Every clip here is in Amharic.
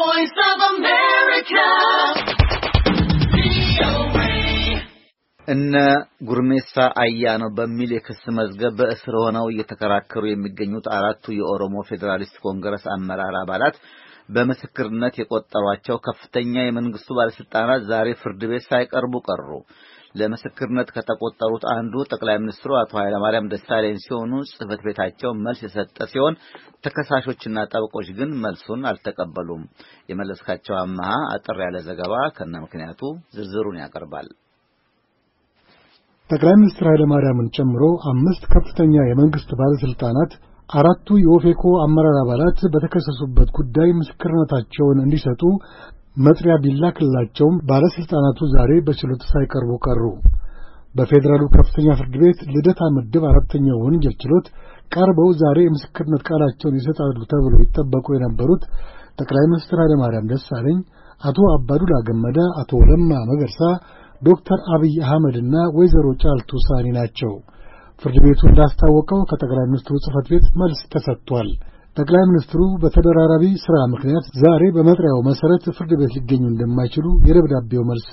voice of America. እነ ጉርሜሳ ነው በሚል የክስ መዝገብ በእስር ሆነው እየተከራከሩ የሚገኙት አራቱ የኦሮሞ ፌዴራሊስት ኮንግረስ አመራር አባላት በምስክርነት የቆጠሯቸው ከፍተኛ የመንግስቱ ባለስልጣናት ዛሬ ፍርድ ቤት ሳይቀርቡ ቀሩ። ለምስክርነት ከተቆጠሩት አንዱ ጠቅላይ ሚኒስትሩ አቶ ኃይለማርያም ደሳለኝ ሲሆኑ ጽህፈት ቤታቸው መልስ የሰጠ ሲሆን ተከሳሾችና ጠበቆች ግን መልሱን አልተቀበሉም። የመለስካቸው አመሃ አጠር ያለ ዘገባ ከነ ምክንያቱ ዝርዝሩን ያቀርባል። ጠቅላይ ሚኒስትር ኃይለማርያምን ጨምሮ አምስት ከፍተኛ የመንግስት ባለስልጣናት አራቱ የኦፌኮ አመራር አባላት በተከሰሱበት ጉዳይ ምስክርነታቸውን እንዲሰጡ መጥሪያ ቢላክላቸውም ባለሥልጣናቱ ዛሬ በችሎት ሳይቀርቡ ቀሩ። በፌዴራሉ ከፍተኛ ፍርድ ቤት ልደታ ምድብ አራተኛው ወንጀል ችሎት ቀርበው ዛሬ የምስክርነት ቃላቸውን ይሰጣሉ ተብሎ ይጠበቁ የነበሩት ጠቅላይ ሚኒስትር ኃይለማርያም ደሳለኝ፣ አቶ አባዱላ ገመዳ፣ አቶ ለማ መገርሳ፣ ዶክተር አብይ አህመድና ወይዘሮ ጫልቱ ሳኒ ናቸው። ፍርድ ቤቱ እንዳስታወቀው ከጠቅላይ ሚኒስትሩ ጽህፈት ቤት መልስ ተሰጥቷል። ጠቅላይ ሚኒስትሩ በተደራራቢ ሥራ ምክንያት ዛሬ በመጥሪያው መሠረት ፍርድ ቤት ሊገኙ እንደማይችሉ የደብዳቤው መልስ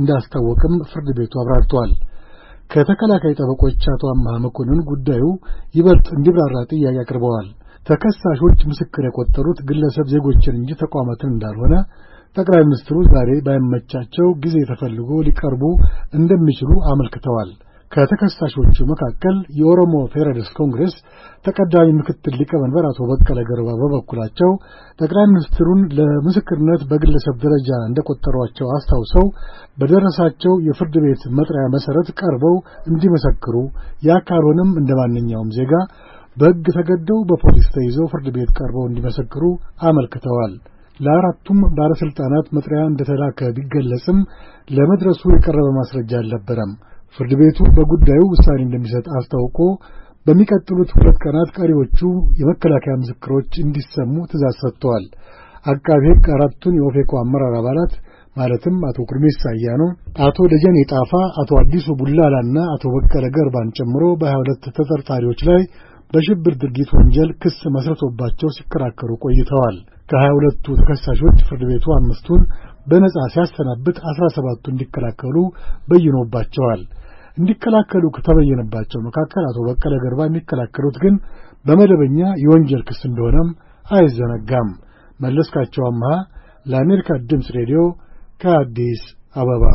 እንዳስታወቅም ፍርድ ቤቱ አብራርተዋል። ከተከላካይ ጠበቆች አቶ አምሃ መኮንን ጉዳዩ ይበልጥ እንዲብራራ ጥያቄ አቅርበዋል። ተከሳሾች ምስክር የቆጠሩት ግለሰብ ዜጎችን እንጂ ተቋማትን እንዳልሆነ ጠቅላይ ሚኒስትሩ ዛሬ ባይመቻቸው ጊዜ ተፈልጎ ሊቀርቡ እንደሚችሉ አመልክተዋል። ከተከሳሾቹ መካከል የኦሮሞ ፌዴራሊስት ኮንግሬስ ተቀዳሚ ምክትል ሊቀመንበር አቶ በቀለ ገርባ በበኩላቸው ጠቅላይ ሚኒስትሩን ለምስክርነት በግለሰብ ደረጃ እንደቆጠሯቸው አስታውሰው በደረሳቸው የፍርድ ቤት መጥሪያ መሰረት ቀርበው እንዲመሰክሩ ያ ካልሆነም እንደ ማንኛውም ዜጋ በሕግ ተገደው በፖሊስ ተይዘው ፍርድ ቤት ቀርበው እንዲመሰክሩ አመልክተዋል። ለአራቱም ባለሥልጣናት መጥሪያ እንደተላከ ቢገለጽም ለመድረሱ የቀረበ ማስረጃ አልነበረም። ፍርድ ቤቱ በጉዳዩ ውሳኔ እንደሚሰጥ አስታውቆ በሚቀጥሉት ሁለት ቀናት ቀሪዎቹ የመከላከያ ምስክሮች እንዲሰሙ ትእዛዝ ሰጥተዋል። አቃቤ ሕግ አራቱን የኦፌኮ አመራር አባላት ማለትም አቶ ሳያ አያኖ፣ አቶ ደጀኔ ጣፋ፣ አቶ አዲሱ ቡላላና አቶ በቀለ ገርባን ጨምሮ በሀያ ሁለት ተጠርጣሪዎች ላይ በሽብር ድርጊት ወንጀል ክስ መስርቶባቸው ሲከራከሩ ቆይተዋል። ከሀያ ሁለቱ ተከሳሾች ፍርድ ቤቱ አምስቱን በነጻ ሲያሰናብት አስራ ሰባቱ እንዲከላከሉ በይኖባቸዋል። እንዲከላከሉ ከተበየነባቸው መካከል አቶ በቀለ ገርባ የሚከላከሉት ግን በመደበኛ የወንጀል ክስ እንደሆነም አይዘነጋም። መለስካቸው አምሃ ለአሜሪካ ድምፅ ሬዲዮ ከአዲስ አበባ